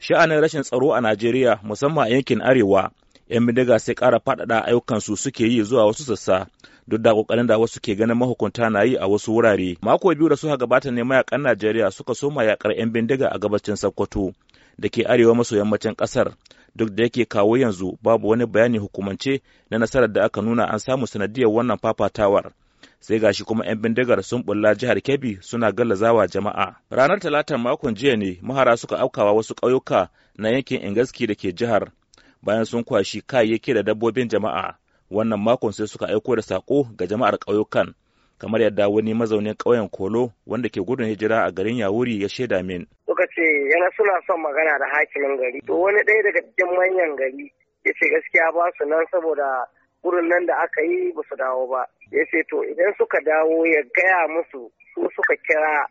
sha'anin rashin tsaro a Najeriya musamman a yankin Arewa, 'yan bindiga sai ƙara faɗaɗa ayyukansu suke yi zuwa wasu sassa duk da ƙoƙarin da wasu ke ganin mahukunta na yi a wasu wurare. Mako biyu da suka gabata ne mayakan Najeriya suka soma yakar 'yan bindiga a gabacin Sokoto da ke arewa maso yammacin ƙasar duk da yake kawo yanzu babu wani bayani hukumance na nasarar da aka nuna an samu sanadiyar wannan fafatawar. sai gashi kuma 'yan bindigar sun bulla jihar Kebbi suna gallazawa jama'a. Ranar talata makon jiya ne mahara suka aukawa wasu ƙauyuka na yankin Ingaski da ke jihar bayan sun kwashi kayayyaki da dabbobin jama'a. Wannan makon sai suka aiko da sako ga jama'ar ƙauyukan. kamar yadda wani mazaunin ƙauyen kolo wanda ke gudun hijira a garin yawuri ya shaida min. Suka ce yana suna son magana da hakimin gari. To wani ɗaya daga cikin manyan gari ya ce gaskiya ba su nan saboda gurin nan da aka yi ba su dawo ba. ya ce to idan suka dawo ya gaya musu su suka kira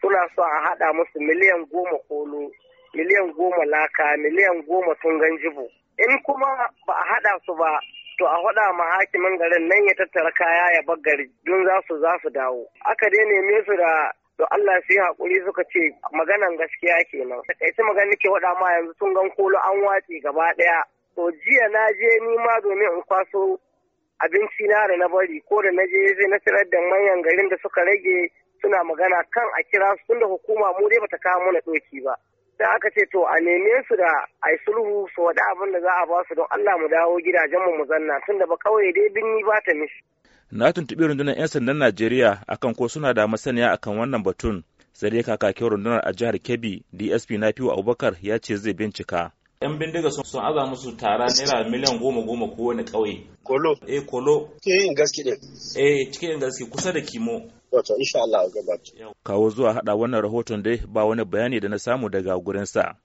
suna so a haɗa musu miliyan goma kolo miliyan goma laka miliyan goma tungan jibo in kuma ba a haɗa su ba to a haɗa ma hakimin garin nan ya tattara kaya ya bar gari don za su za su dawo aka dai neme su da to Allah su yi haƙuri suka ce maganan gaskiya kenan takaici magana nake waɗa ma yanzu tun gan kolo an watse gaba ɗaya to jiya na je ni ma domin in kwaso abinci na da na bari ko da na je zai na tirar da manyan garin da suka rage suna magana kan a kira su tunda hukuma mu dai bata kawo mana doki ba sai aka ce to a neme su da a yi sulhu su wada abin da za a ba su don Allah mu dawo gidajen mu zanna tunda ba kawai dai binni ba ta mishi na tuntubi rundunar 'yan sandan Najeriya akan ko suna da masaniya akan wannan batun sai dai kakakin rundunar a jihar Kebbi DSP Nafiu Abubakar ya ce zai bincika yan bindiga sun aza musu tara naira miliyan goma goma kowane ƙauye kolo eh kolo cikin yin gaske ne eh cikin yin gaske kusa da kimo wato insha Allah kawo zuwa hada wannan rahoton dai ba wani bayani da na samu daga gurin sa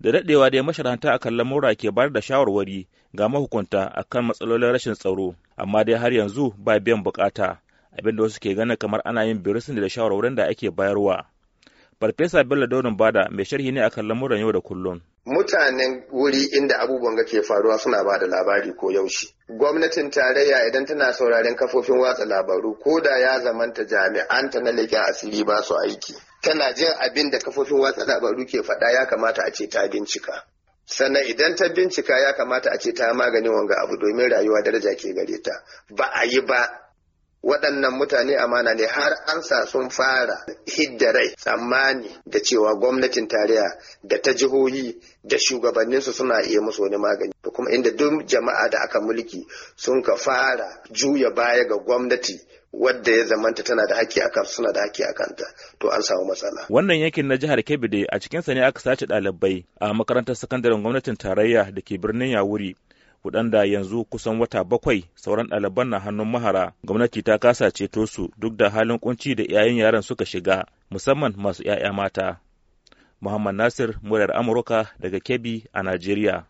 da daɗewa dai masharanta a kan lamura ke bayar da shawarwari ga mahukunta akan matsalolin rashin tsaro amma dai har yanzu ba biyan bukata abinda wasu ke ganin kamar ana yin birisin da shawarwarin da ake bayarwa Farfesa Bello Daurin Bada mai sharhi ne akan lamuran yau da kullum. Mutanen wuri inda abubuwan ga ke faruwa suna ba da labari ko yaushe. Gwamnatin tarayya idan tana sauraren kafofin watsa labaru ko da ya zamanta jami'anta na leƙen asiri ba su aiki. Tana jin abin da kafofin watsa labaru ke faɗa ya kamata a ce ta bincika. sannan idan ta bincika ya kamata a ce ta magani wanga abu domin rayuwa daraja ke gare ta ba a yi ba waɗannan mutane amana ne har an sa sun fara hidda rai tsammani da cewa gwamnatin tarayya da ta jihohi da shugabanninsu suna iya musu wani magani da kuma inda duk jama'a da aka mulki sun ka fara juya baya ga gwamnati wadda ya zamanta tana da haƙƙi akan suna da haƙƙi akanta to an samu matsala wannan yankin na jihar Kebbi a cikin sa ne aka sace ɗalibai a makarantar sakandaren gwamnatin tarayya da ke birnin Yawuri waɗanda yanzu kusan wata bakwai sauran ɗaliban na hannun mahara gwamnati ta kasa ceto su duk da halin kunci da iyayen yaran suka shiga musamman masu 'ya'ya mata muhammad nasir muryar amurka daga kebbi a najeriya